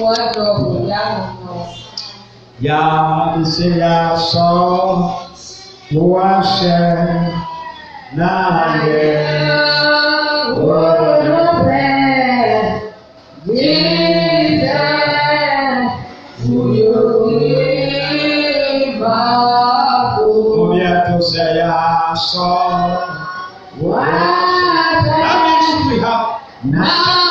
Uwezo ujao Yansi yasọ uwashe naye olùfẹ́ jíjẹ fúyòrí bàbá. Omi ẹ̀tọ́ sẹ yasọ wáṣẹ. That means we have now.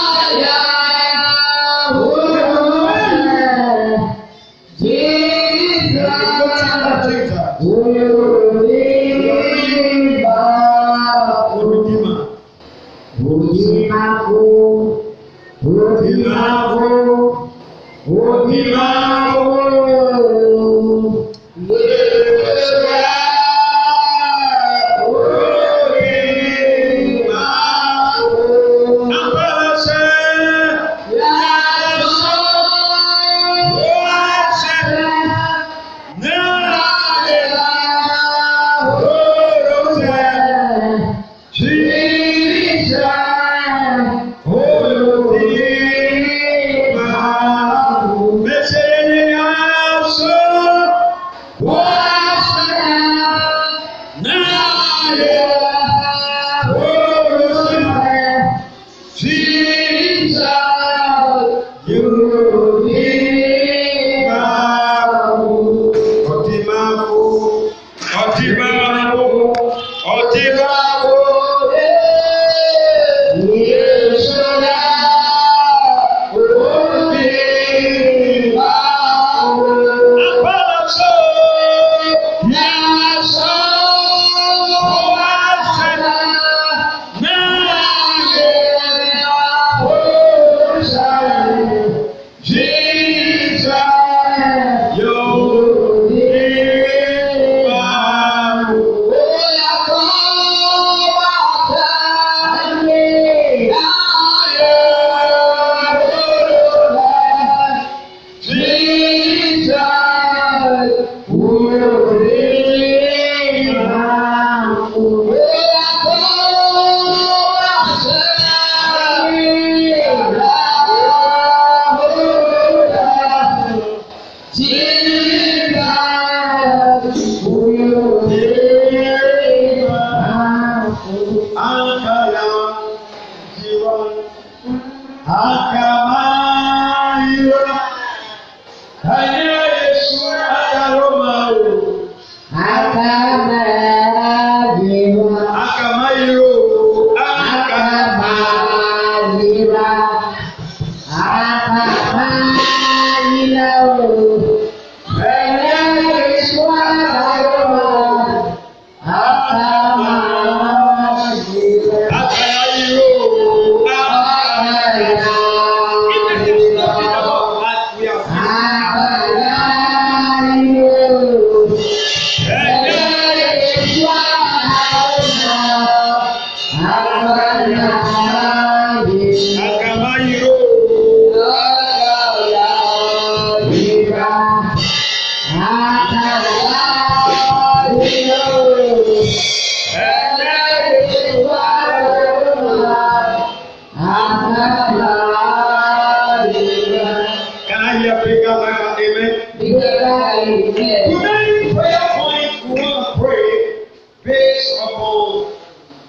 every other amen. Today's prayer point we will pray based upon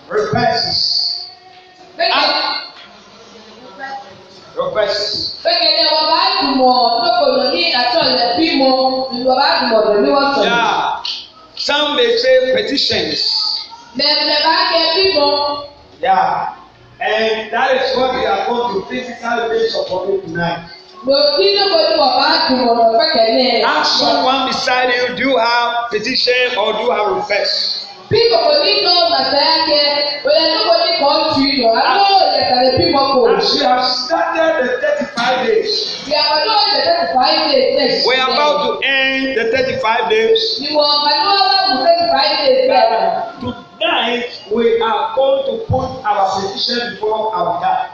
requests. Requests. Gbẹ̀gẹ̀dẹ̀ wọn bá dùnmọ̀ lókòlò ní àtọ̀lẹ̀ bímọ ìlú ọba dùnmọ̀ lórí wọn sọ. Yeah, some may say petitions. Bẹ̀rẹ̀ bá kẹ bímọ. Yeah, and that is what we are going to physically base upon it tonight. Ask someone beside you, do you have petition or do you have request? As you have started the thirty-five days. We are about to end the thirty-five days. But tonight we are going to put our petition before our God.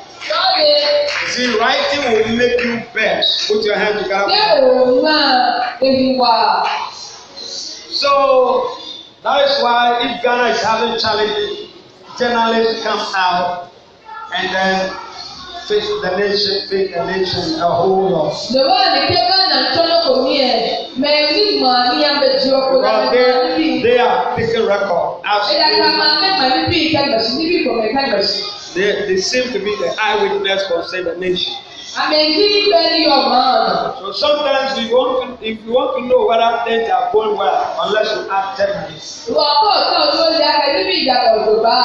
You see, writing will make you bend. Put your hand together. So that is why if Ghana is having challenges, journalists come out and then fix the nation, fix the nation a whole lot. The one They are taking record. They, they seem to be the eyewitness concerning the nation. And they give very man. So sometimes you want to, if you want to know whether things are going well, unless you ask them this. Ìwà kò tó tó di akẹ́kẹ́ bí ìjàpọ̀ tó bá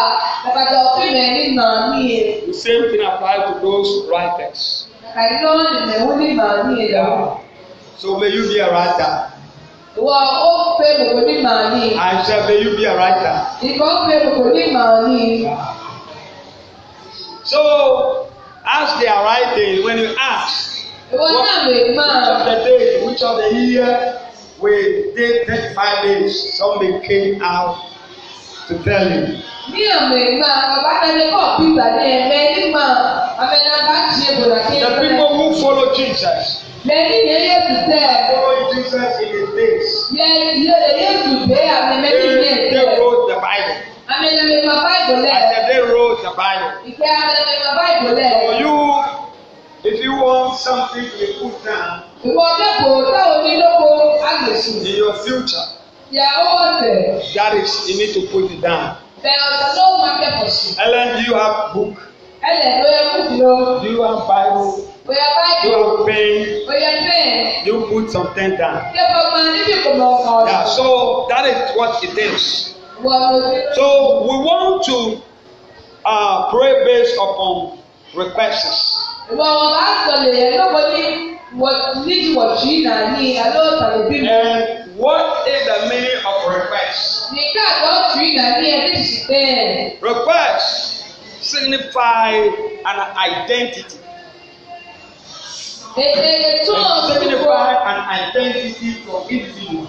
àpàtà òfin rẹ̀ ní màmí ẹ̀. The same thing applies to those writers. Àìsàn ìnáwó ní màmí ẹ̀ lọ. So may you be a writer. Ìwà ó pe bòbò ní I Àìsàn may you be a writer. Ìkọ́ pe bòbò ní màmí. So, ask the right thing when you ask. What, which of the days, which of the year we did five days, somebody came out to tell you. ní àmì ìgbà bàbá kẹlẹ kọ pizza ní ẹgbẹ nígbà amẹnagba ti ṣe bọlá kí. the people who follow Jesus. lẹ́yìn yẹn yóò ti tẹ̀. follow Jesus in his days. yẹ yẹ yóò tún gbé àmì mẹ́rin ní ẹ̀jẹ̀. they wrote the Bible. Amẹ̀lẹ̀mẹ̀mà Bible lẹ̀. I said they wrote the Bible. Ìpè amẹ̀lẹ̀mẹ̀mà Bible lẹ̀. For you, if you want something to be put down. Ìwọ dẹ́kun táwọn onídókò àgbèsù. In your future. Ìyàwó ọ̀tẹ̀. That is, you need to put it down. Bẹ̀rẹ̀ ọ̀sán ló máa kẹ́kọ̀ọ́ sí. Ellen, do you have book? Ellen, ló yẹ kú jùlọ. Do you have Bible? Bóyá Bible. Do you have pen? Bóyá pen. You put something down. Kẹ́kọ̀ọ́ máa níbi ìkọ̀mọ̀ ọ̀kan. Yeah, so that is what it is. So we want to uh, pray based upon requests. And what is the meaning of request? Request signify an identity. It signifies an identity for individual.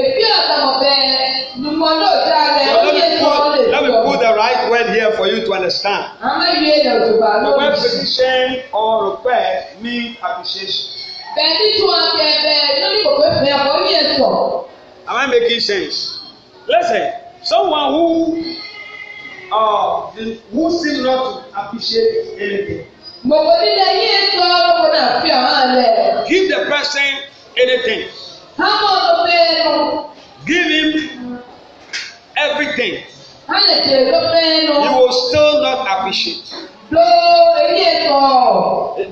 Èpí ọ̀sán ọ̀bẹ lùmọ̀ lóòótọ́ rẹ̀ ó yẹ kí wọ́n lè lọ. Let me put the right word here for you to understand. Àmọ́ ìwé ẹ̀dọ̀ tó bá lọ. The word petition or request mean appreciation. Bẹ̀ẹ́ni tí wọ́n ti ẹ̀bẹ̀ lórí kòkó ìfẹ́ ọ̀pọ̀ ní ẹ̀sọ̀. Am I making sense? Listen, someone who uh, who seem not to appreciate anything. Mọ̀gbọ́n nílẹ̀ yín ètò ọ̀rọ̀ náà fi àwọn àlẹ́. Give the person anything. Give him everything. He will still not appreciate. The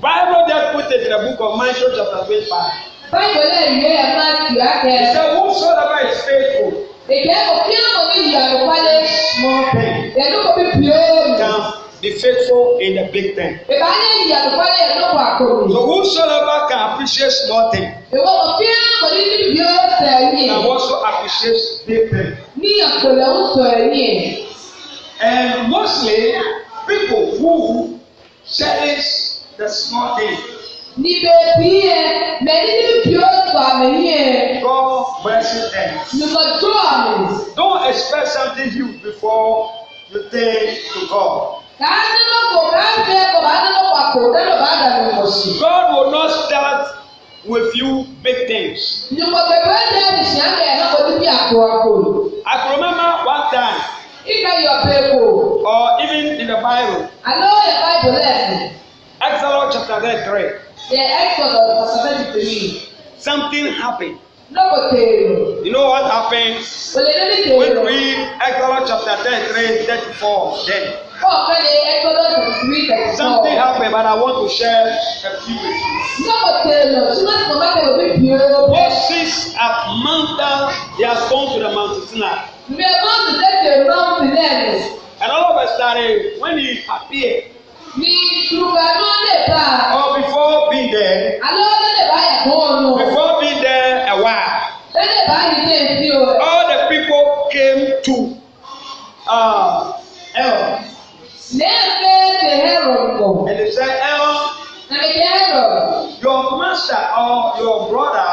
Bible just put it in the book of Matthew chapter 25. He said, Whosoever is faithful. Èkè ẹ̀kọ́ kí á mọ̀ ní ìyàtọ̀ wálé. Small thing. Ẹ̀dùn kò fi pè é. Be faithful in the big thing. So whosoever can appreciate small thing. Can also appreciate big thing. And mostly people who cherish the small thing. God bless you blesses them. Don't expect something huge before you take to God. God will not start with you big things. I can remember one time. Or even in the Bible. I know the Bible Exodus chapter 3. Something happened. You know what happened? When we read Exodus chapter 33, 34, then. Something happened, but I want to share a few with you. Moses at Mount, he has gone to the Mount Sinai. And all of a sudden, when he appeared, or before being there, before being there a while, all the people came to uh, El n'efeefe Herod kọ. and he said Herod. na mede your master or your brother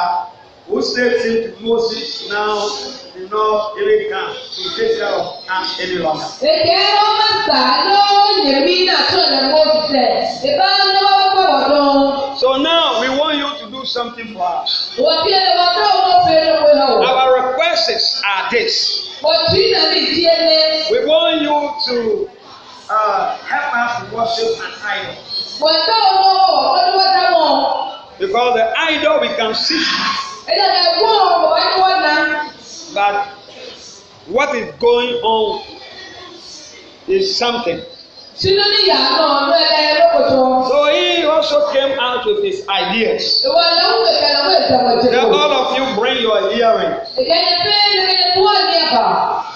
who saved him to Moses now you know even come to take care of us any longer. èdè ẹ̀rọ mẹ́ta ló yẹ̀mí náà tó lè mọ òṣìṣẹ́ ìbá ní wọ́n pọ̀ wọ̀dọ́. so now we want you to do something for us. wọ́n ti ẹ̀ wọ́n tó wọ́n fèrè wọ́n our requests are this. wọ́n ti nà ní ìdí we want you to. Uh, help us worship an idol. Wàtá ọ̀rọ̀ ọ̀dọ́wọ́dá mọ̀. Because the idol we can see. Ẹ̀dàdà ẹ̀gbọ́n ọ̀rọ̀ ẹ̀dọ́wọ́dá. But what is going on is something. So he also came out with his ideas. That all of you bring your hearing.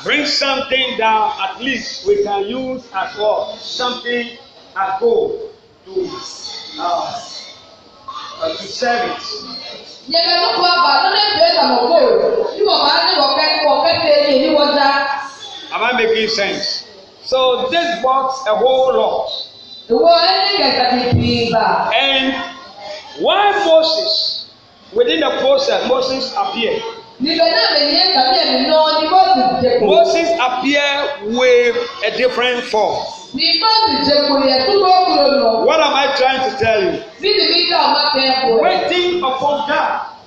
Bring something that at least we can use as well. Something at goal to uh, uh to serve it. Nyẹ̀mẹ̀lúkọ̀ àbá lórí ètò ìtàn ògbó, bí wọ́n bá ní wọ́n kẹ́kọ̀ọ́ kẹ́kẹ́ ní wọ́n dá. Am I making sense? So this brought a whole lot. And why Moses, within the process, Moses appear. appeared. Moses appear with a different form. What am I trying to tell you? Waiting upon God.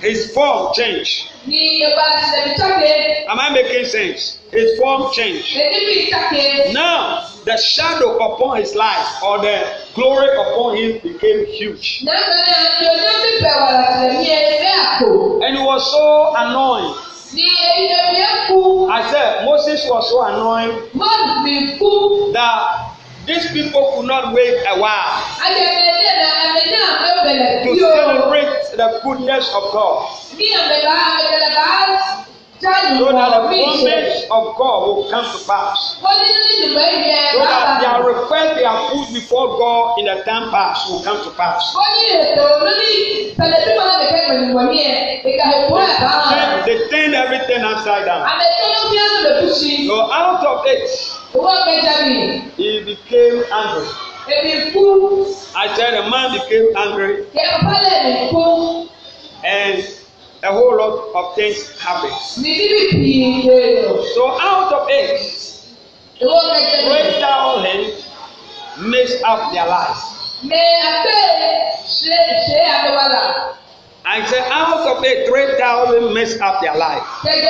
His form changed. Am I making sense? His form changed. Now, the shadow upon his life or the glory upon him became huge. And he was so annoyed. I said, Moses was so annoyed that These people could not wait a while to celebrate the goodness of God. So that the promise of God will come to pass. So that their request they are put before God in the time pass will come to pass. They, they turn everything upside down. So out of it. Over Benjamin. He became angry. Ebi kú. I said the man became angry. Yẹ papa mi kú. And a whole lot of things happened. Níbi bí pii lè lọ. So out of it. Ìwọ kẹ̀kẹ́ mi. Break down and mess up their lives. Mẹ abẹ́ ṣe ṣe àdéhùn I said, out of the three thousand mess up their life. Brethren,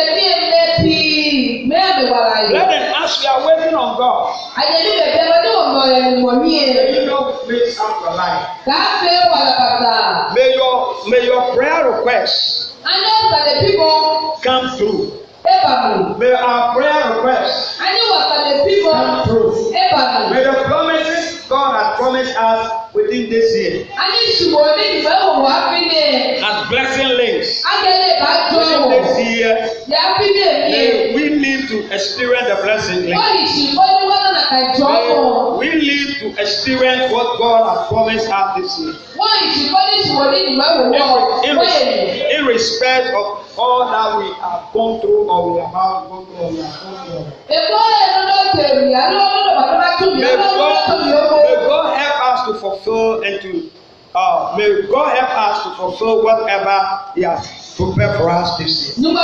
as we are waiting on God, may you not mess up your life. May your, may your prayer requests come through. May our prayer requests come through. May the promises God has promised us within this year. As blessing links. Within this year. May we to experience the blessing. May we live to experience what God has promised us this year. In, in, in respect of all that we have gone through or we are about gone through or we are going through. May God, may God help us to fulfill and to Uh, may God help us to fulfill whatever He has prepared for us this year. So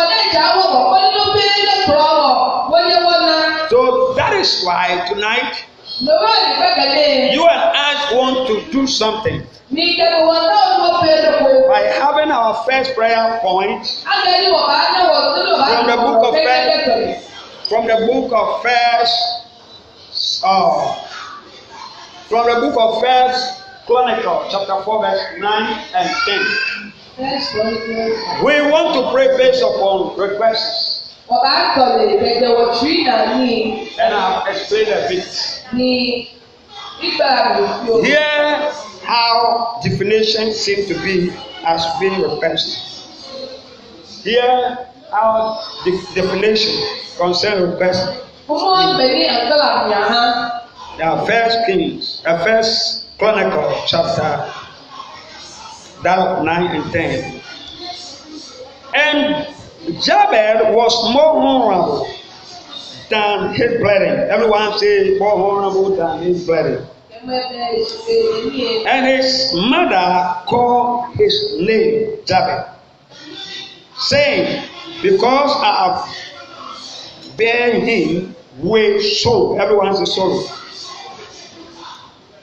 that is why tonight you and I want to do something. By having our first prayer point from the book of first, from the book of first, uh, from the book of first. Chronicles chapter 4, verse 9 and 10. We want to pray based upon requests. me. And I've explain a bit. Here, how definition seem to be as being requested. Here, our de definition concerns request. The first Kings, the uh, first Chronicle chapter that nine and ten. And Jabez was more honorable than his brethren. Everyone say more honorable than his brethren. And his mother called his name Jabez, saying, Because I have bear him with sorrow. Everyone say sorrow.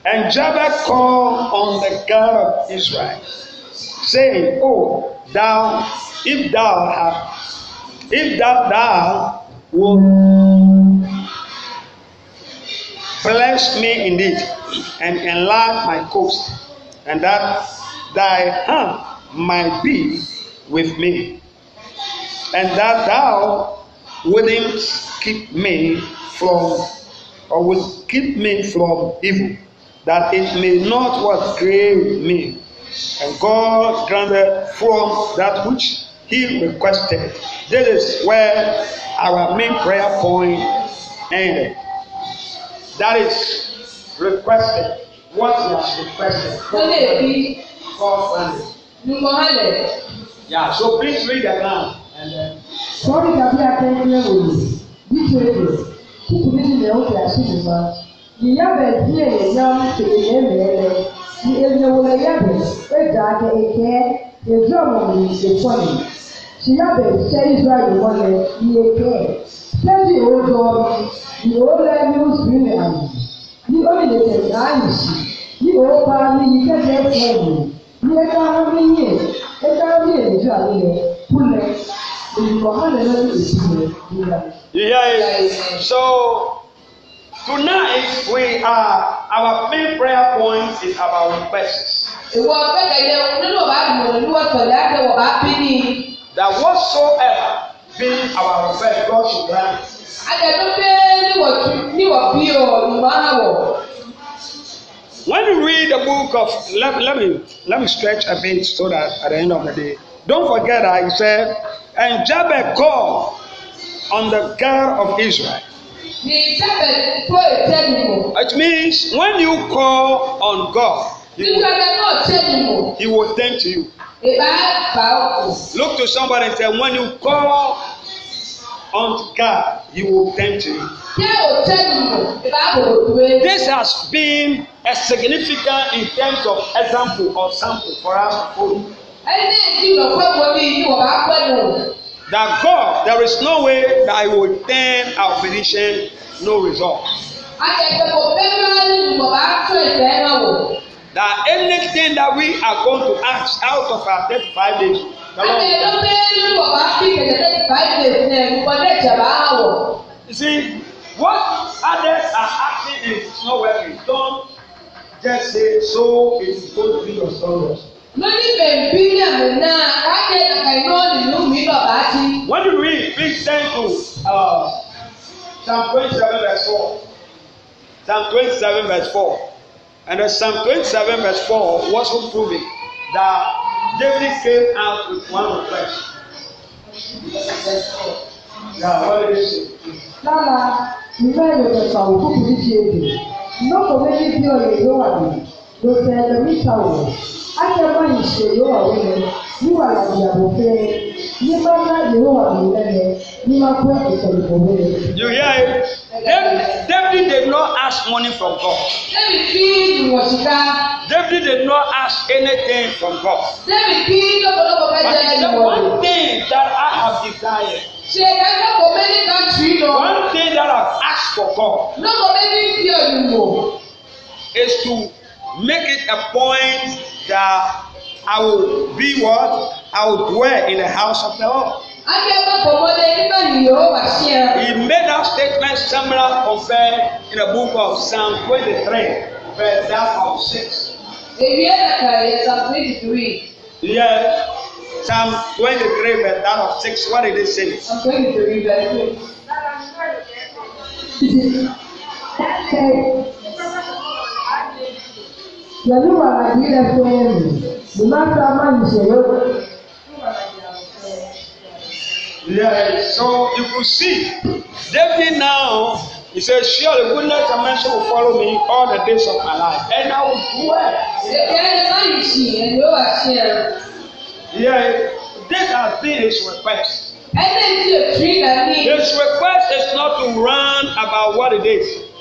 And Jabez called on the God of Israel, saying, Oh, thou, if thou have, if that thou wilt bless me indeed, and enlarge my coast, and that thy hand might be with me, and that thou wouldn't keep me from, or would keep me from evil that it may not what grave me. And God granted from that which he requested. This is where our main prayer point ended. That is requested. What was requested? Yeah, so please read that now. And then. Uh, Sorry, Gabriel, I can't hear you. You can't hear. Keep reading the old Yiya bɛsi yɛ yɛnyam kekemɛmɛɛlɛ. Yi enyewele yɛbɛ egya ake ekɛɛ edu ɔmɔmu efɔne. Yiya bɛhyɛ Israel wɔlɛ yekɛɛ. Sɛbi ewo dɔɔni yi ewo lɛ ni o siri ne ayi. Yi omi le tɛ saa yi si. Yi ewo paa ni yi kɛtɛ fɔmu. Yi ɛka ho ni yie ɛka ho ni yɛ edu ale yɛ kulɛ. Eyi kɔ ha lɛ lɛ ni esi yɛ. Yeah. So Tonight we are our main prayer point is about requests. Ìwọ gbẹ́kẹ̀lé nínú ọba àgùnbọ̀n ní wọ́n tọ̀lé àgbẹ̀ bá bí ní. That whatsoever be our request God should grant. Àjẹ̀dún pé níwọ̀ bí o ìmọ̀ràn wọ̀. When you read the book of let, let me let me stretch a bit so that at the end of the day don't forget that he said and Jabez called on the God of Israel. It means when you call on God, He will, he will tend to you. Oh. Look to somebody and say, when you call on God, He will tend to you. Oh, This has been a significant in terms of example or sample for us that God, there is no way that I will turn our petition no result. That anything that we are going to ask out of our five days, you see, what others are asking is not working. Don't just say, so it is going to be your son. When you read Big Ten to uh, Psalm 27 verse 4, Psalm 27 verse 4, and the Psalm 27 verse 4 was proving that David came out with one request. Yeah, what did he say? Lára ìfẹ́ ìròyìn ṣàwọn kúkú ní ti èdè, lọ́kọ̀ọ́ méjì bí ọ̀rẹ́ ló wà ní, lọ́sẹ̀ ẹlẹ́mìí ṣàwọn. Ayaba yi Yehowa wele, niwala diabo fere, nibaka Yehowa wele, nimakwe ekelibo wele. You hear it? David, David did not ask money from God. David fi ìwọ̀síta. David did not ask anything from God. David fi lọ́pọ̀lọpọ̀ bẹ́ẹ̀ jẹ́ ìwọ̀n. But one thing that I have desired. Ṣé ẹgbẹ́ kò méjì kan tì í lọ? One thing that I have asked for God. Lọ́pọ̀ méjì fi ọ̀yùn wò. Is to make it a point that I will be what? I will dwell in the house of the Lord. He made that statement similar compared in the book of Psalm 23, verse that of 6. Yes, Psalm 23, verse that of 6. What did it say? Psalm 23, verse 6. yɛne wɔ adeɛ na fɛn mu ne mma saa ma nhyehyɛ Yeah, so you could see David now, he says, Surely goodness and man will follow me all the days of my life, and I will dwell. Yeah, this has been his request. His request is not to run about what it is.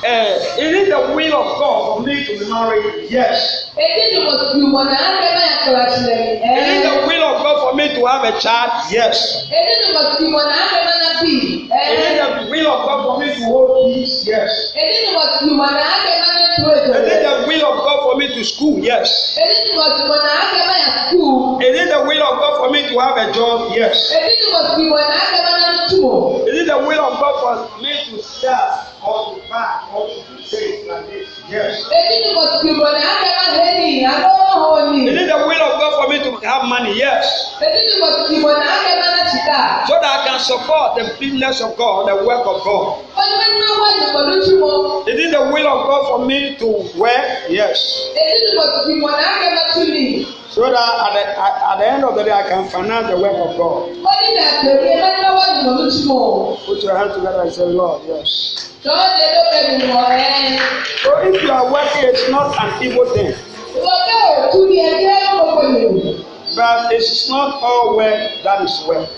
Uh, is it the will of God for me to be married? Yes. Is it the will of God for me to have a child? Yes. Is it the will of God for me to hold peace? Yes. Is it the will of God for me to school? Yes. Is it the will of God for me to have a job? Yes. Is it the will of God for me to serve? called back all to say like this. Yes. It need the will of God for me to have money, yes. So that I can support the business of God, the work of God. Is it the will of God for me to wear? Yes. So that at the, at, the end of the day, I can finance the work of God. Put your hands together and say, Lord, yes. So if you are working, it's not an evil thing. But it's not all work that is work.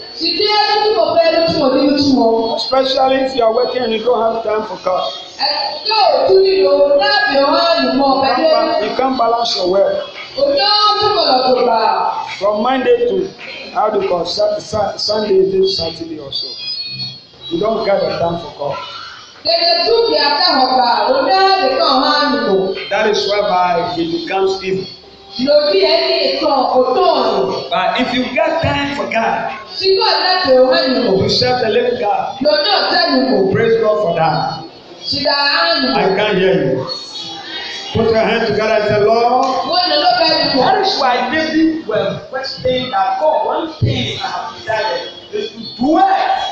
Especially if you are working and you don't have time for God. You can't balance your work. From Monday to how do you call Sunday, this Saturday or so. You don't get the time for God. That is whereby it becomes evil. But if you got time for God, to serve the living God, praise God for that. I can't hear you. Put your hands together and say, Lord. That is why David was questioning that God, one thing I have decided is to dwell.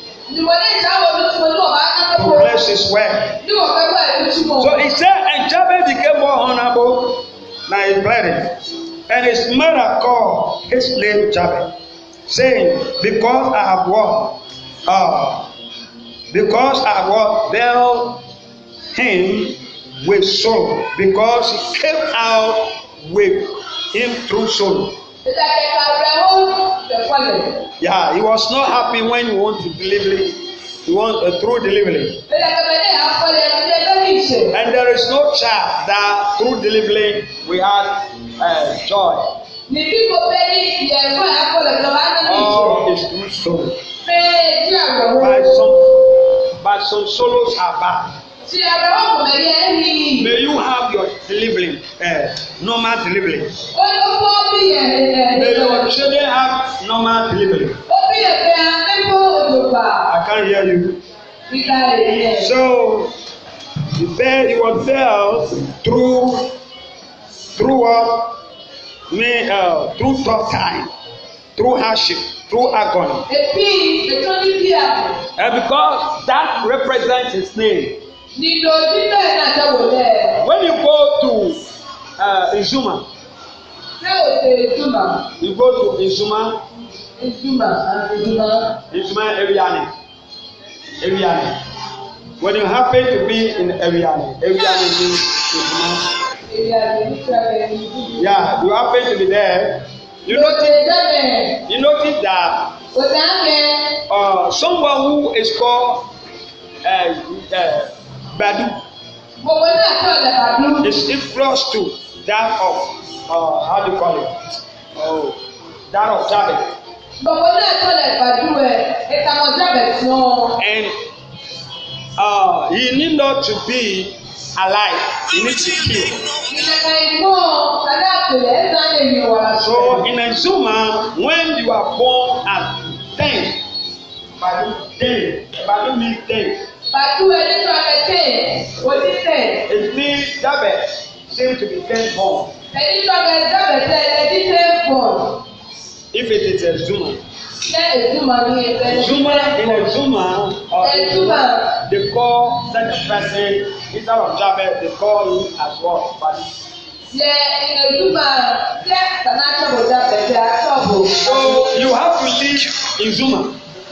To bless his work. So he said, and Jabez became more honorable than his brethren. And his mother called his name Jabez, saying, Because I have won, uh, because I have dealt him with soul, because he came out with him through soul. Yeah, he was not happy when he want to deliver. He want uh, through delivery. And there is no child that through delivery we had uh, joy. All is too soon. But some, but some solos are bad. May you have your delivering, uh, normal delivering. May your children have normal delivering. I can't hear you. So, you bear yourself through through uh, me, uh, through tough time, through hardship through agony. And because that represents his name. When you go to uh, Izuma, you go to Izuma, Izuma, Izuma Eriane, Eriane. When you happen to be in Eriane, Eriane means Izuma. Yeah, you happen to be there. You notice, that? you notice that uh, someone who is called uh, uh, Badu. Gbogbo náà tí ọ̀dẹ̀ Badu. It's influence to that of uh, how do you call it? Oh, that of Jabez. Gbogbo náà tí ọ̀dẹ̀ Badu ẹ̀ ìtàwọn Jabez náà. And uh, he need not to be alive, he need to kill. Ìdàgbà ìgbọ́ tàbí àpèlè ẹ̀sán lè yẹ wà. So in a Zuma, when you are born at ten, Badu ten, Badu mi ten. Wàtú ẹni tó akẹ́kẹ́ òdi tẹ̀. Èmi dábẹ̀ seem to be ten born. Ẹni tó akẹ́kẹ́ dábẹ̀ tẹ̀ ẹni ten born. If it is a Zuma. Ṣé Ezuma ni ẹgbẹ́? Zuma in a Zuma. Ezuma. They call such person instead of Jabez they call him as what? Bali. Ṣé Ezuma ṣé Sanata Bọ̀dá bẹ̀rẹ̀ àtọ̀bọ̀? So you have to live in Zuma.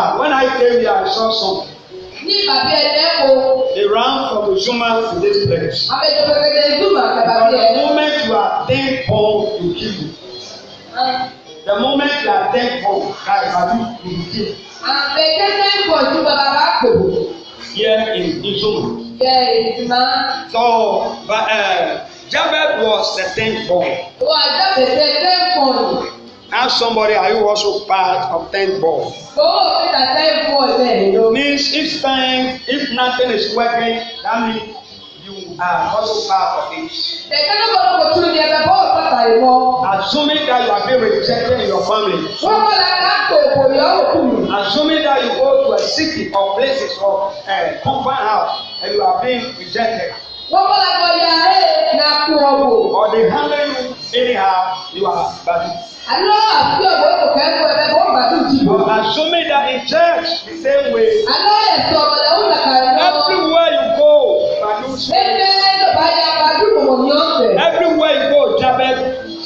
Ah, when I came here, I saw something. Ní bàbá ẹ̀dẹ́ o. They ran from Zuma to this place. Abẹ́jọ́pẹ̀kẹ̀dẹ̀ Zuma kàbàbí The moment you are thankful, you give. The moment you are thankful, kàbàbí you give. Àbẹ̀kẹ̀dẹ̀ ń bọ̀ ju bàbá bá kò. Here in Zuma. Here in Zuma. So, but, uh, Jabez was a thankful. Wà Jabez ṣe thankful. Ask somebody, are you also part of ten ball? Oh, ball Means if time, if nothing is working, that means you are also part of it. Assuming that you are being rejected in your family. Assuming that you go to a city or places or a eh, compound house and you are being rejected. Eh, or the handle you anyhow you are I know. badu. Àlọ́ àti ọ̀dọ́ kò fẹ́ kó ẹgbẹ́ kó bàtú jù. And show me that in church the same way. Àlọ́ ẹ̀sọ́ ọ̀dọ̀ ó dàgbà lọ. Everywhere you go, badu say. Ẹgbẹ́ lọ́ba ya badu wọ̀ ní ọ̀sẹ̀. Everywhere you go, Jabez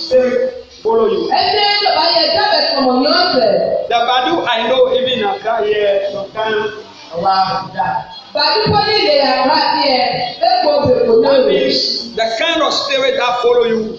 say follow you. Ẹgbẹ́ lọ́ba ya Jabez wọ̀ ní ọ̀sẹ̀. The badu I know even na ka yẹ sọ̀kan wa da. Badu kọ́ ní ìlera àbá tiẹ̀, ẹ kò bẹ̀rù náà. That means the kind of spirit that follow you.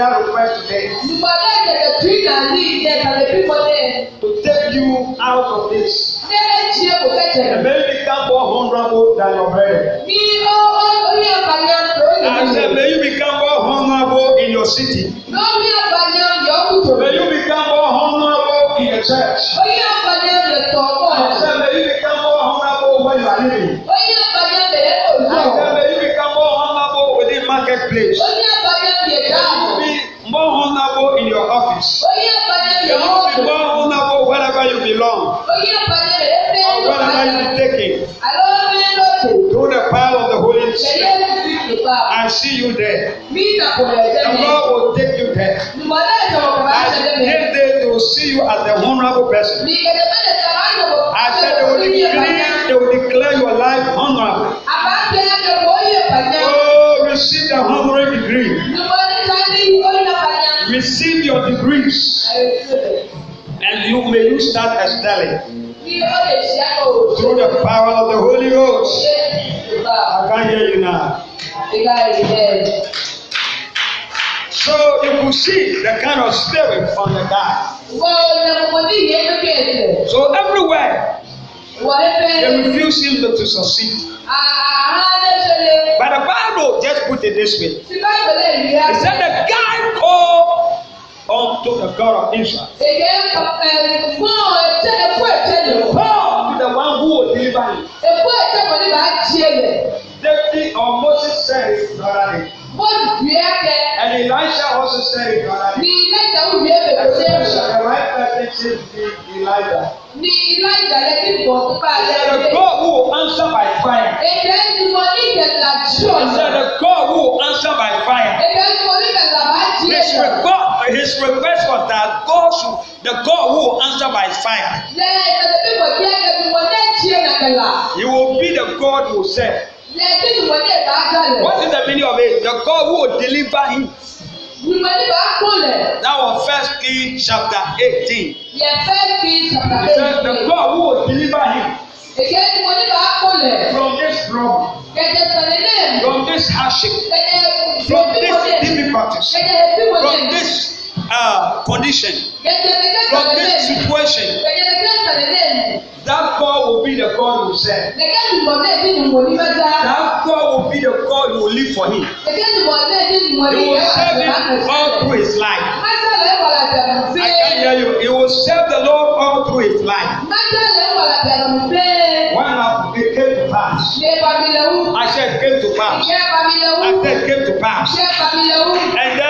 prayer request today. Ìpàdé ìdẹ̀dẹ̀ tí ìdà ní ilẹ̀ ìdàlẹ̀ bímọ dẹ̀. To take you out of this. May you become more Ẹ̀mẹ́ honorable than your bread. I said may you become more honorable in your city. May you become more honorable in your church. I said may you become more honorable where you are living. I said may you become more honorable within marketplace more honorable in your office. You must be more honorable wherever you belong. Or wherever you be taken. Through the power of the Holy Spirit. I see you there. The Lord will take you there. As if they will see you as a honorable person. your degrees and you may use that as excelling through the power of the Holy Ghost. I can't hear you now. So you could see the kind of spirit from the guy. So everywhere they refuse him to succeed. But the Bible just put it this way. He said the guy called unto the God of Israel. Eh, Paul is the one who will deliver you. David of Moses said it wọ́n dùé kẹ. And Elisha also said in Ghana. Ní Elisha ó dùé bèbè dé. Elisha the right person said to Elijah. Ní Elijah yẹ kí bọ̀ bá a lẹ́yìn. He the God who will answer by fire. Èdè ti mọ ní ìjẹ̀lá jù ọ̀nà. He said the God who will answer by fire. Èdè ti mọ ní ìjẹ̀lá bá jí ẹ̀yà. His request was that God should the God who will answer by fire. Lẹ́yìn ìjọba bí wọ́n jẹ́ ẹ̀dùn wọn ní ẹ̀jẹ̀ nàkàlà. He will be the God who said. What is the meaning of it? The God who will deliver him. That was First Kings chapter eighteen. the God who will deliver him. From this wrong, From this hardship. From this difficulties. From this uh, condition, from this situation, that God will be the God who said. That God will be the God who will live for him. He will serve him all through his life. I can hear you. He will serve the Lord all through his life. When I came to pass, I said, came to pass. I said, came to pass. And then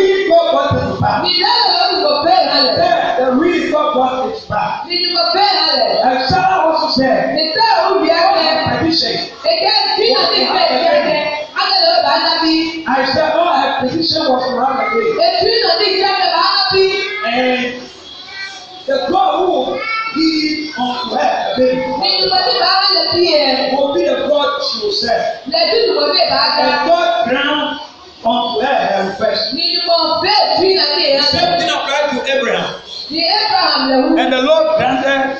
back. There, the real God brought it And Sarah also said, What petition? I said, Oh, her petition was for her again. And the God who give unto her a baby. Will be the God she will serve. And God grant unto her her bí na ní ẹ̀yà. The same thing applied to Abraham. Ní Abraham lè wú. And the Lord granted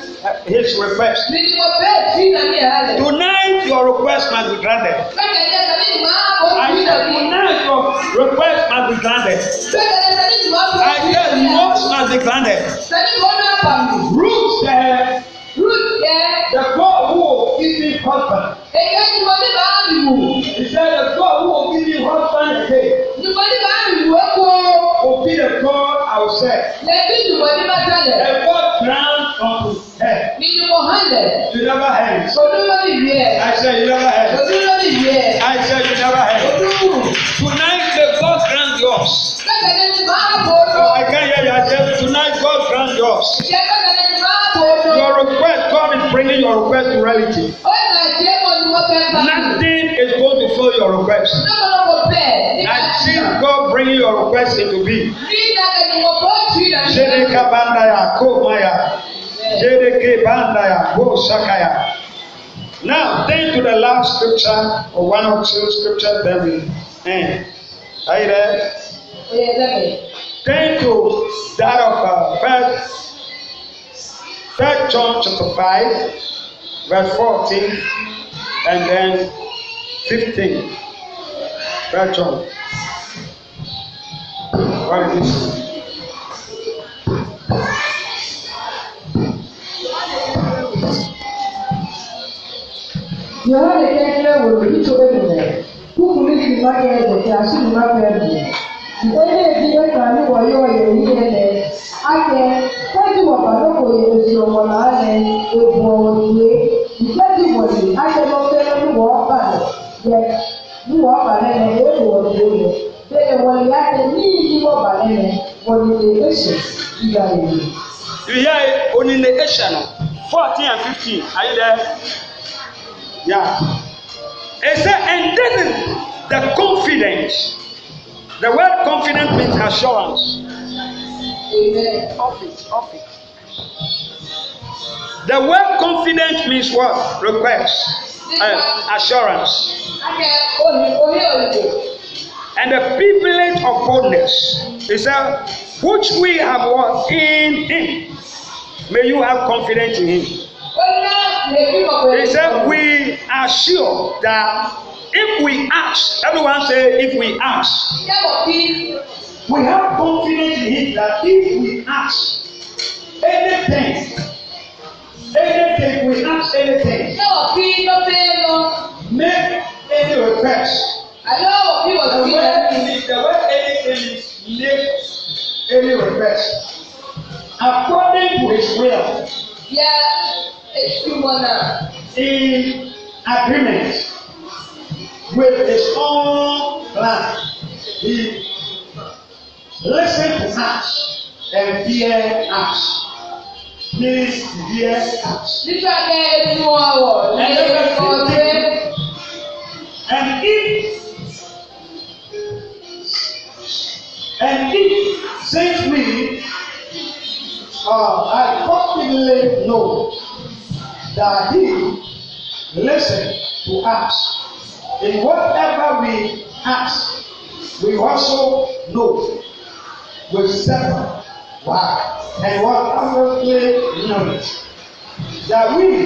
his request. Minimum bẹ́ẹ̀ bí na ní ẹ̀yà rẹ̀. Tonight your request must be granted. Bẹ́ẹ̀ni ẹ̀jẹ̀ tàbí ìmọ̀ àwọn ojú ìdàgbé. Tonight your request must be granted. Bẹ́ẹ̀ni ẹ̀jẹ̀ tàbí ìmọ̀ àwọn ojú ìdàgbé. I said yours must be granted. Tàbí wọ́n náà pàmì. Ruth said. Ruth said. The God who will give me husband. Èyí ẹ̀ ti wọlé bá a nìyí. He said the God who will give me Nobody can be working. Open the door outside. Let me do what you must do. Me do what You never heard. nobody here. I said you never heard. nobody here. I said you never heard. Tonight God grant yours. I can hear you. tonight God grant yours. Your bringing your request to reality. Nothing is going to fill your request. I see God bringing your request into being. Now, then to the last scripture, or one or two scriptures, then we end. Are you there? Then to that of uh, verse Third John chapter five, verse fourteen, and then fifteen. Third John. What is this? Yohane kɛɲɛ wo ni to bɛ dun dɛ. Kukuli ni ma kɛ dɛ, kilasi ni ma kɛ dun dɛ. Onye etinye ka anyị wọrọ ọyọ niile ake kwezi wọkwadọkọ ya ozi ọwọla ane ebu ọwọdue nke dị wọzi ake n'okere mgbe ọkpara ya mgbe ọkpara ya ebu ọdue ya bere wọli ake n'ihi ọkpara ya wọlile eshe ịga iwu. Ihe onine eshe nọ 14 and 15 anyị dee ya. It said, and then the confidence The word confident means assurance. Amen. Office, office. The word confident means what? Request. Uh, assurance. And the privilege of boldness is that which we have what? In Him. May you have confidence in Him. He said, We are sure that If we ask, everyone say, if we ask, we have confidence in Him that if we ask anything, anything, we ask anything, make any request. The way, the way anything is, make any request according to His will. Yeah, it's true one In agreement with a strong plan. He listened to us and feared us. Please fear us. Nígbà tẹ ẹnu ọwọ́ lẹ́yìn ọdẹ. And if and if since me, uh, I confidently know that he listened to us in whatever we ask, we also know with certain why and what appropriate knowledge that we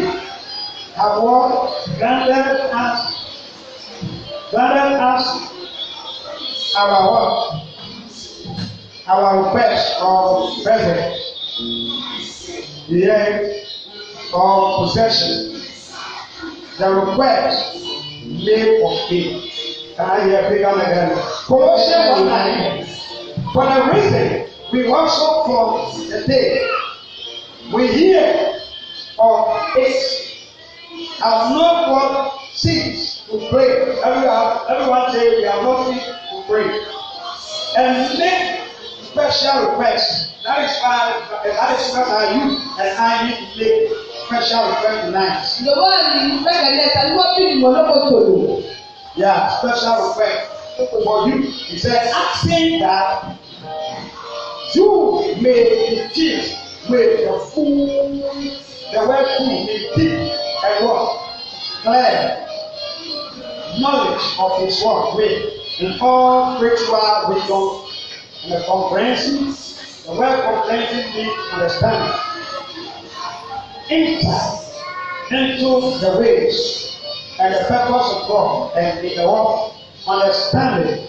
have what granted us, granted us our what, our request of present, the end of possession, the request lay of faith. Can I hear bigger again? Colossians 1 9. For the reason we also from the day we hear of it have not one cease to pray. Everyone, everyone say we have not ceased to pray. And make special requests. That is why that is what I use and I need to make special recognize. Ìjọba ni gbẹ́kẹ̀lé ẹ̀ka ni wọ́n bí ìmọ̀ lọ́kọ̀tòlò. Yeah, special request for you. He said, asking that you may teach, may the full, the word full, the deep and what? Clear knowledge of his work with in all spiritual wisdom and the comprehensive, the well comprehensive deep understanding enter into the ways and the purpose of God and in the work understanding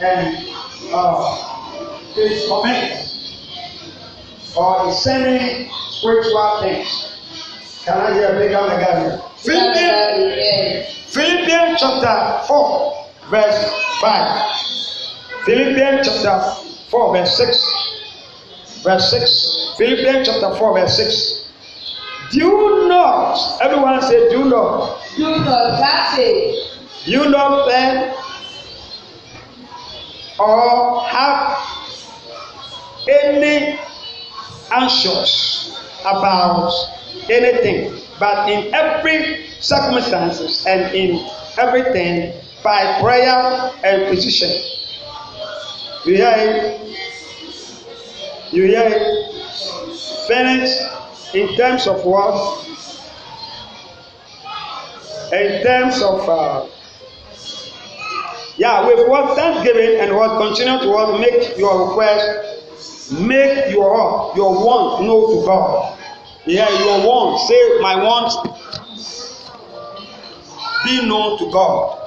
and uh, his commands or discerning spiritual things. Can I hear a big on again? Philippians, Philippians chapter 4, verse 5. Philippians chapter 4, verse 6. Verse 6. Philippians chapter 4, verse 6. Do not, everyone say, do not. Do not, that's it. You not then, or have any anxious about anything, but in every circumstances and in everything by prayer and petition. You hear it? You hear it? Finish in terms of what? In terms of uh, yeah, with what thanksgiving and what continue to what make your request, make your your want known to God. Yeah, your want, say my want, be known to God.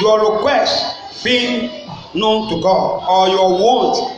Your request being known to God or your want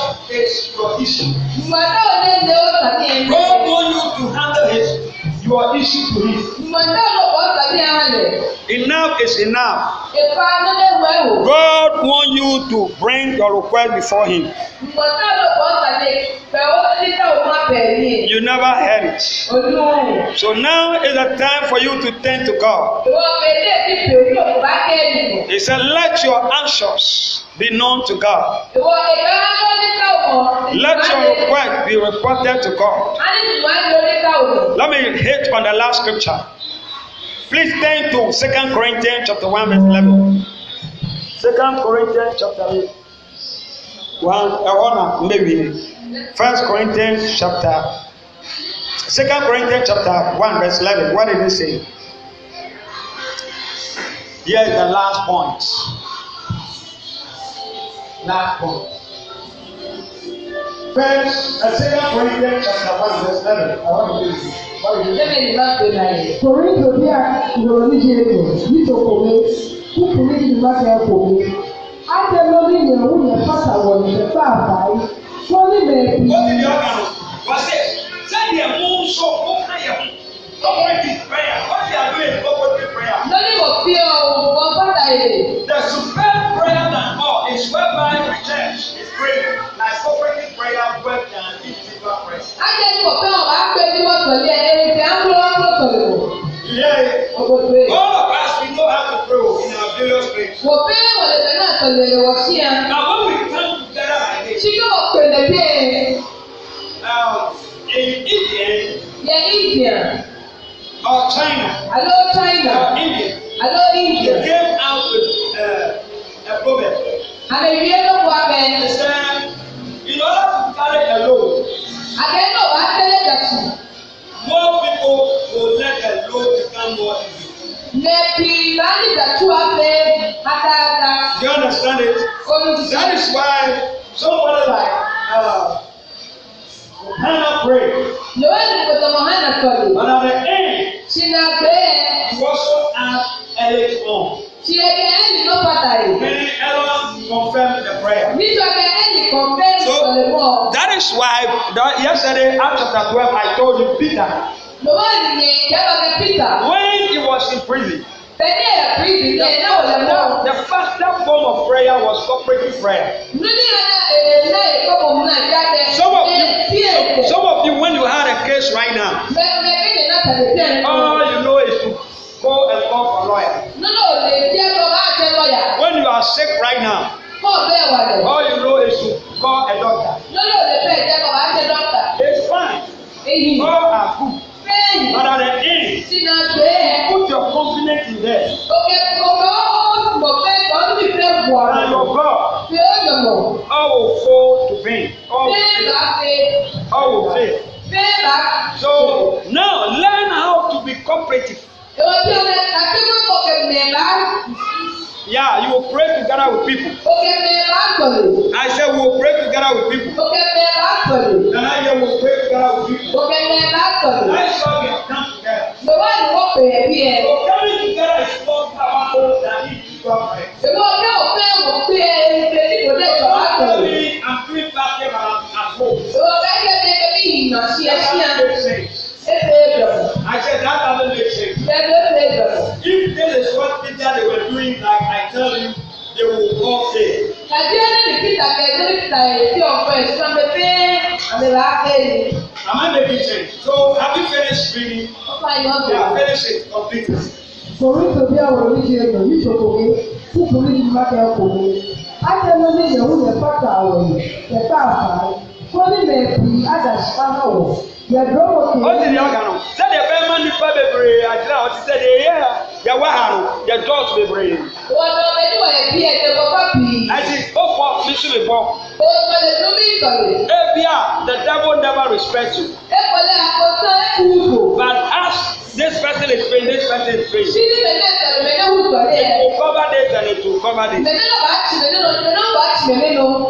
takes your issue. Mgbe náà ní ilé ó tàbí ẹni. God want you to handle his your issue to him. Mgbe náà ló kọ́ tàbí ẹni. Enough is enough. Ìpa nílé wẹ̀wò. God want you to bring your request before him. Mgbe náà ló kọ́ tàbí pẹ̀wọ́ títà òun abẹ̀rẹ̀. You never heard it. Olúwo. So now is the time for you to turn to God. Ìwọ pèlè ti pèlú òkú bá kẹ́lì. He said let your anxious be known to God. Let your request be reported to God. Let me hit on the last scripture. Please turn to Second Corinthians chapter 1, verse 11. 2 Corinthians chapter 1, uh, maybe. 1 Corinthians chapter 2 Corinthians chapter 1, verse 11. What did he say? Here is the last point last month. First, Isaiah 28 chapter 1 verse 11. I want to read this. Torí tòbí à ìrọ̀lẹ́ méjì ẹ̀jẹ̀ nítòkòwé kúkú méjì ní má fẹ́ kòwé. Ádẹ́lórí ni òun yẹn fàtà wọ̀ ìfẹ́ fà báyìí. Wọ́n ní bẹ̀rẹ̀ bí. Wọ́n ti di ọ̀gá lọ. Wọ́n ṣe sẹ́ni ẹ̀ mú sọ fún káyà. Ọkùnrin ti prayer. Wọ́n ti àdó ẹ̀ fọ́wọ́ ti prayer. Lórí wọ̀ fí ọ̀ wọ́n fàtà èrè. The supreme prayer na God is whereby the church is praying like corporate prayer when they are individual prayers. Ájẹ́ni kò fẹ́ràn wá pé bí wọ́n sọ yẹ ẹni tí a ń lọ wọ́n sọ ìwò. Ilé All of us we know how to pray in our various ways. Wò pé wọ̀lẹ̀ pẹ̀lú àtọ̀lẹ̀ lè wọ̀ sí ya. Na when we come together like this. Ṣé pèlè bí um, Yẹ India. Or China. Àlọ́ China. Or India. Àlọ́ India. You came out with uh, a problem. And the creator will happen. He said, in order to carry a load. Àgbẹ̀ náà wá tẹ́lẹ̀ dàtú. More people will let the load become more easy. Nepilani dàtú abẹ́ àtàtà. You understand it? Oh, that is why somebody like uh, Hannah uh, pray. Lóyún But at the end. Ṣìnà bẹ́ẹ̀. You also ask Alex on. She again no battery. Many errors confirm the prayer. So that is why that yesterday after chapter 12 I told you Peter. Peter? When he was in prison. prison. The, the fastest form of prayer was corporate prayer. Some of you, some of you, when you had a case right now, oh, you know it go and call for lawyer. When you are sick right now, all you know is to call a doctor. It's fine. Go together with people. I said we will pray together with people. And I will pray together with people. Korintho biara wòye yɛ no yitwa kome kukuru yi mma ka kome aka no ne yɛho yɛ fata awɔyi yɛta afaare kuro ne na epii adahyia na wɔ yɛdɔm wɔ kee. Ɔsi deɛ ɔka no sɛdeɛ bɛyɛ ma nipa bebree agyina ɔti sɛ deɛ yɛ yɛwɔ ha no yɛdɔɔso bebree. Wɔdɔ ɛni wɔ ebi ɛdɛ kɔfa pii. Ɛti ofɔ mi so mi bɔ. Osɔle tó mi sɔle. Ebi a the devil never respect you. Ekɔlẹ́ àkọsán ẹ̀kú wò in this person is free. It will cover this and it will cover this.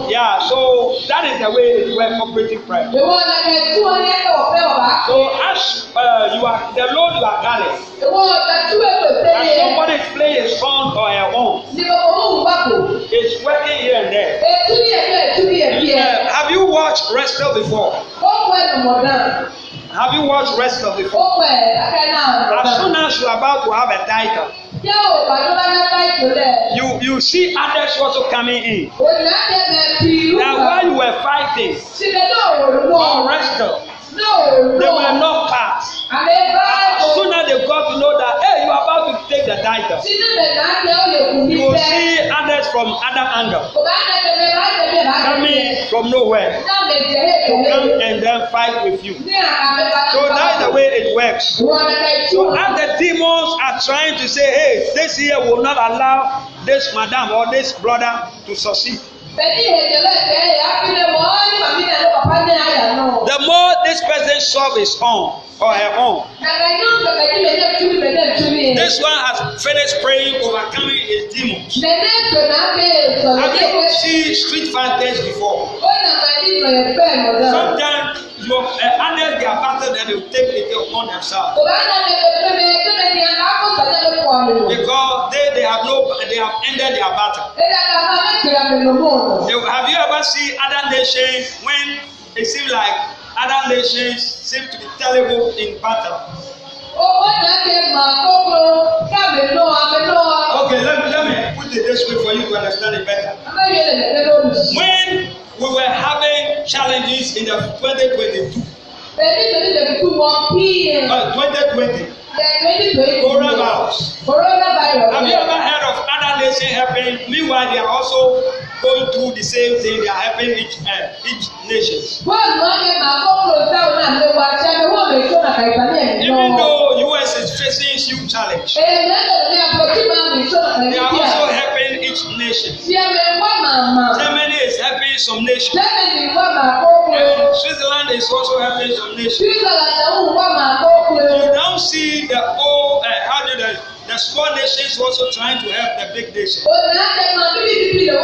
Yeah, so that is the way it works cooperative prayer. So as uh, you are the Lord you are careless. And somebody is playing a song or a horn. It's working here and there. Uh, have you watched wrestle before? Have you watched rest of the film? As soon as you are about to have a title, you you see others also coming in. Now while you were fighting or wrestle, they were not part. As soon as they got to know that take the title. You will see others from other angles. Coming from nowhere to come and then fight with you. So that's the way it works. So as the demons are trying to say, hey, this year will not allow this madam or this brother to succeed. The more this person solves his own or her own, this one has finished praying, overcoming his demons. Have you seen street fighters before? Sometimes you uh, handle their battle, then they take the thing on themselves. Because they, they have no they have ended their battle. have you ever seen other nations when It seem like other nations seem to be terrible in battle. Okay, let me, let me put it this way for you to understand it better. When we were having challenges in the 2022, uh, 2020, The 2020 coronavirus. coronavirus. Have you ever heard of other nations helping? Meanwhile, they are also going through the same thing. They are helping each uh, each nations. Even though U.S. is facing huge challenge. Uh, they are also helping rich nation. Germany is helping some nations. Switzerland is also helping some nations. You now see the whole, uh, how do the, the small nations also trying to help the big nations. Individual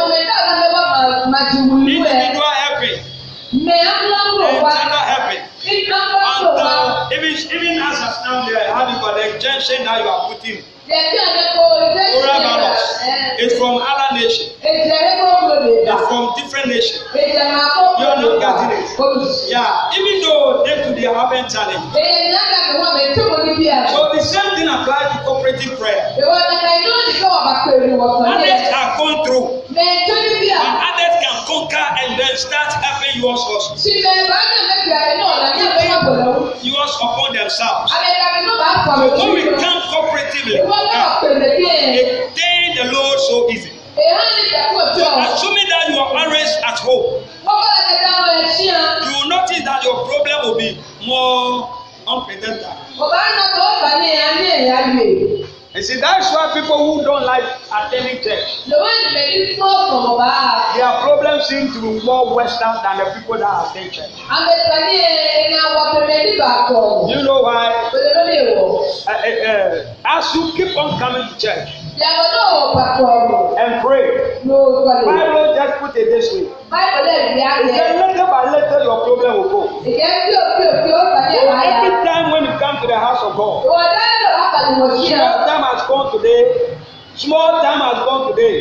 helping. And tender helping even even as of now they are having for the injection that you are putting. Oral manners is from other nation. It's from different nation. You are not getting it. Yeah, even though day too they are having challenge. So the same thing applies to cooperative prayer. Others are going through own car and then start having yours also. Ṣìlẹ̀ ìbáraẹni méjì àyè náà lẹ́yìn ẹgbẹ́ máa bọ̀ lọ́wọ́. Yours upon themselves. Àbẹ̀dàbí ló bá pọ̀ lọ́wọ́. When we come cooperatively, wọ́n náà pèlè díẹ̀. It dey the load so easy. Èèyàn ní ìdàgbọ̀ jọ. Assuming that you are married at home. Wọ́n bá lè dá ọ̀rọ̀ ẹ̀ ṣí ya. You will notice that your problem will be more unpredictable. You see, that's why people who don't like attending church. Their problems seem to be more Western than the people that attend church. You know why? Uh, uh, uh as you keep on coming to church and pray, Bible just put it this way. It's said, little by little, your problem will go. So every time when you come to the house of God, gone today. Small time has gone today.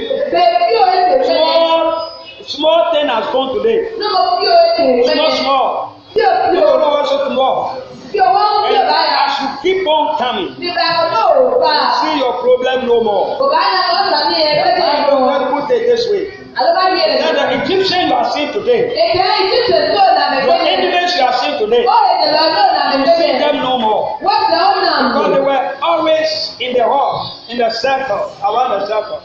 Small small thing has gone today. Small small. Tomorrow also tomorrow. And as you keep on coming, you see your problem no more. I put it this way. Now the Egyptian you are seeing today, your enemies you are seeing today, oh, you see them no more. Because they were always in the hall, in the circle, around the circle.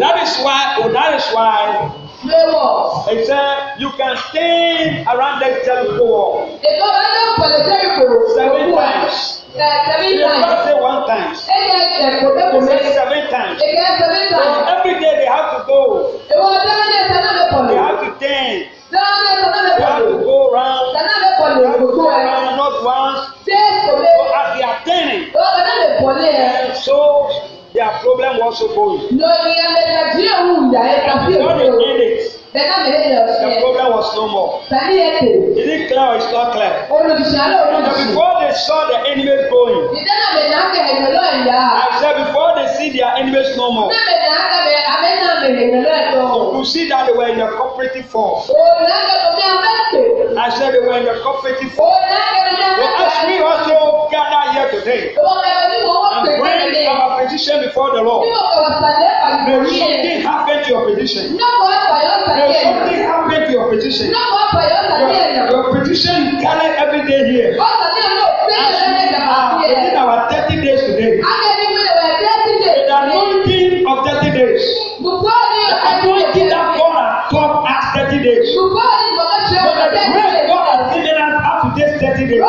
That is why, oh, that is why. He said, You can stand around the Jericho wall. Seven times. Seven times. Say one time. Say seven times. every day they have to go. They have to stand. They have to go around. They have to go around. pɔnne. So their problem was so going. No, ɛmɛ ka di ewu ya ɛka fi ewu. God is in it. The problem was no more. Sani yẹ Is it clear or is not clear? And before they saw the enemies going. I said before they see their enemies no more. Ìdáná You see that they were in a cooperative form. I said they were in a cooperative form. Òòlù ẹ̀kọ́ mi abẹ́tò. They asked me also gather here today. And bring our petition before the Lord. Bí o May something happen to your petition. Ní There's something happened to your petition. Your, your petition carry every day here. Oh, as we are our thirty days today. The anointing of 30 days. The anointing that God has taught us 30 days. So the grace God has given us up to this 30 days.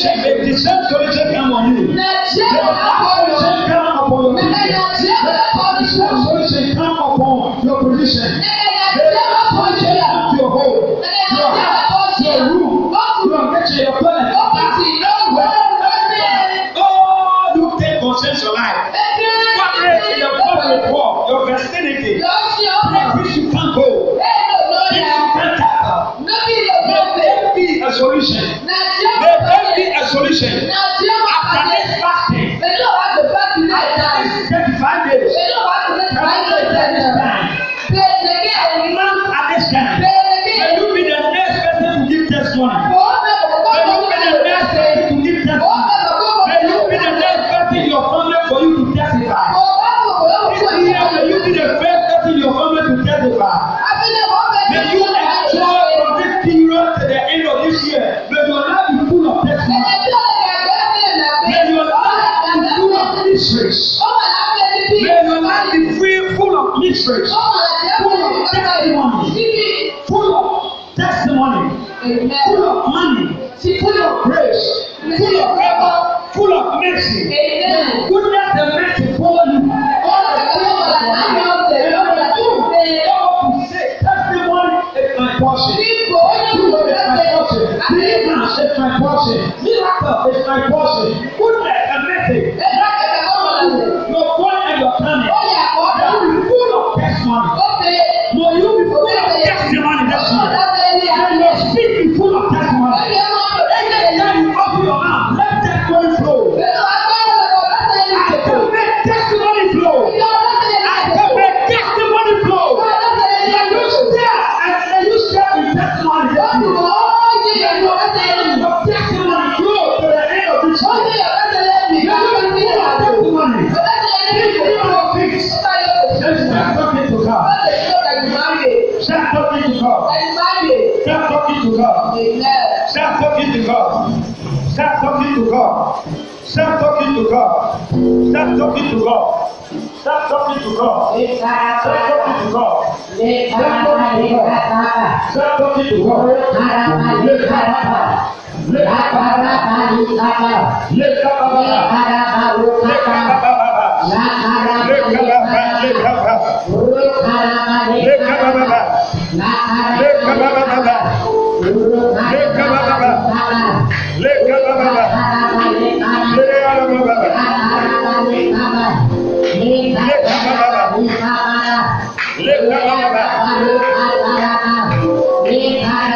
sɛ ɛdisɛn tori sɛ kan wɔ mu. Yɛ ɔtɔ tori sɛ kan wɔ mu. Good Deliverance is my portion. Miracle is my portion. Goodness and mercy. Your God and your family. লেখা রাখা লেখা পারা পানি থাকা লেখা পারা হারা বাবু থাকা না হারা লেখা বাবা লেখা বাবা গুরু হারা লেখা বাবা না হারা লেখা বাবা বাবা গুরু লেখা বাবা বাবা লেখা বাবা বাবা লেখা বাবা বাবা লেখা বাবা বাবা লেখা বাবা বাবা লেখা